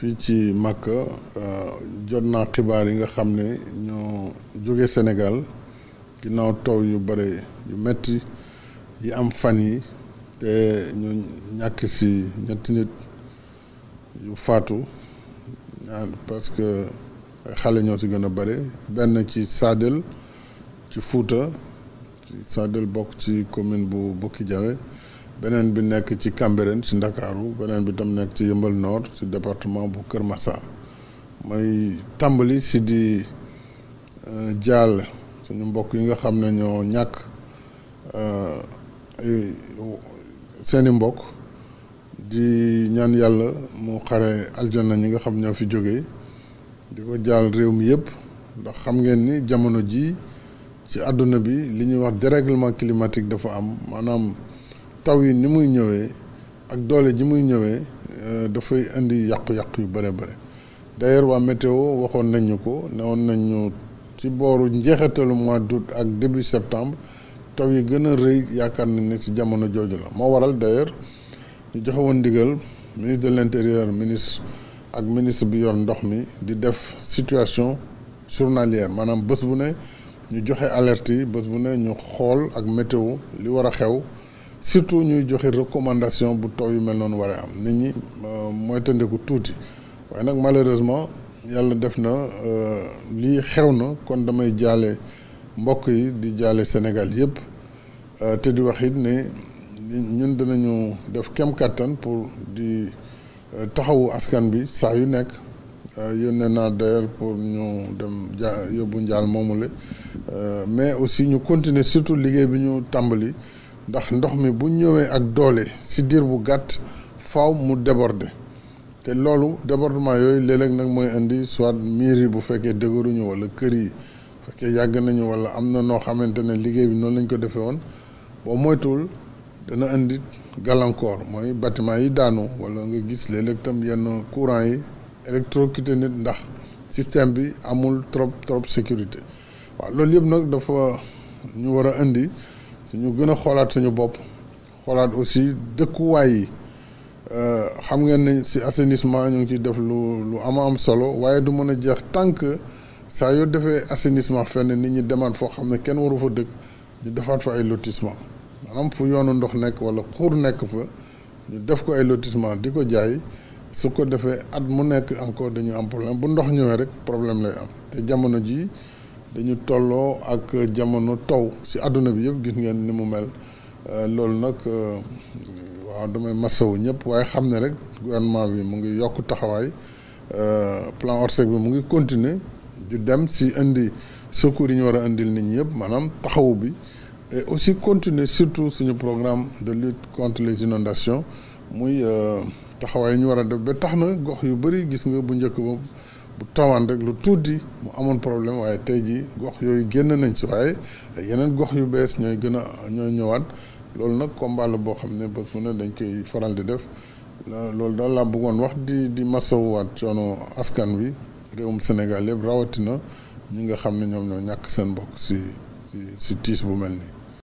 fii ci Màkka euh, jot naa xibaar yi nga xam ne ñoo jóge Sénégal ginaaw taw yu bare yu metti yi am fan yi te ñu ñàkk ci ñetti nit yu faatu parce que xale ñoo ci gën a bare benn ci Sadel ci Fuuta Sadel bokk ci commune bu Bokki Jawe benen bi nekk ci Cambérène ci Ndakaaru benen bi tam nekk ci Yëmbal Nord ci département bu Kër massa may tambali si di euh, jall suñu mbokk yi nga xam ne ñoo ñàkk euh, mbokk di ñaan yàlla mu xare aljana ñi nga xam ñoo fi jógee di ko jaal réew mi yépp ndax xam ngeen ni jamono ji ci àdduna bi li ñuy wax dérèglement climatique dafa am maanaam taw yi ni muy ñëwee ak doole ji muy ñëwee euh, dafay indi yàqu-yàqu yu bare bare d'ailleurs waa météo waxoon nañu ko ne woon nañu ci booru njeexitalu mois d'août ak début septembre taw yi gën a rëy yaakaar nañ ne ci jamono jooju la moo waral d'ailleurs ñu joxe woon ndigal ministre de l'intérieur ministre ak ministre bi yoon ndox mi di def situation journalière maanaam bés bu ne ñu joxe alerte yi bés bu ne ñu xool ak météo li war a xew surtout ñuy joxe recommandation bu taw yu mel noonu war a am nit ñi euh, mooy tëndeku tuuti waaye nag malheureusement yàlla def na euh, lii xew na kon damay jaale mbokk yi di jaale Sénégal yëpp euh, te di wax it ne ñun dinañu def kem kàttan pour di taxawu askan bi saa yu nekk yónnee naa d'ailleurs pour ñu dem ja yóbbu njaal moomule mais aussi ñu continuer surtout liggéey bi ñu tàmbali. ndax ndox mi bu ñëwee ak doole ci diir bu gàtt faaw mu déborder te loolu débordement yooyu léeg nag mooy indi soit miir yi bu fekkee dëgëruñu walla kër yi bu fekkee yàgg nañu walla am na noo xamante ne liggéey bi noonu lañ ko defee woon boo moytuwul dana indi gàllankoor mooy bâtiment yi daanu walla nga gis léeg tam yenn courant yi électrocuté nit ndax système bi amul trop trop sécurité waaw loolu yëpp nag dafa ñu war a indi. ñu gën a xoolaat suñu bopp xoolaat aussi dëkkuwaay yi euh, xam ngeen ne si assainissement ñu ngi ciy def lu lu ama am solo waaye du mën a jeex tant que saa yoo defee assainissement fenn nit ñi demaat foo xam ne kenn waru fa dëkk ñu defaat fa ay lotissement maanaam fu yoonu ndox nekk wala xuur nekk fa ñu def ko ay lotissement di ko jaay su ko defee at mu nekk encore dañu am problème bu ndox ñëwee rek problème lay am te jamono ji dañu tolloo ak jamono taw ci àdduna bi yëpp gis ngeen ni mu mel euh, loolu nag euh, waaw damay wu ñëpp waaye xam ne rek gouvernement bi mu ngi yokk taxawaay euh, plan Orsec bi mu ngi continuer di dem ci indi secours yi ñu war a indil nit ñi yëpp maanaam taxawu bi aussi continuer surtout suñu programme de lutte contre les inondations muy taxawaay yi ñu war a def ba tax na gox yu bëri gis nga bu njëkk boobu bu tawaan rek lu tuuti mu amoon problème waaye tey jii gox yooyu génn nañ ci waaye yeneen gox yu bees ñooy gën a ñooy ñëwaat loolu nag combat la boo xam ne bés bu ne dañ koy faral di def loolu daal laa bëggoon wax di di masawuwaat soonu askan wi réewum Sénégal yëpp rawatina ñi nga xam ne ñoom ñoo ñàkk seen mbokk si si si tiis bu mel nii.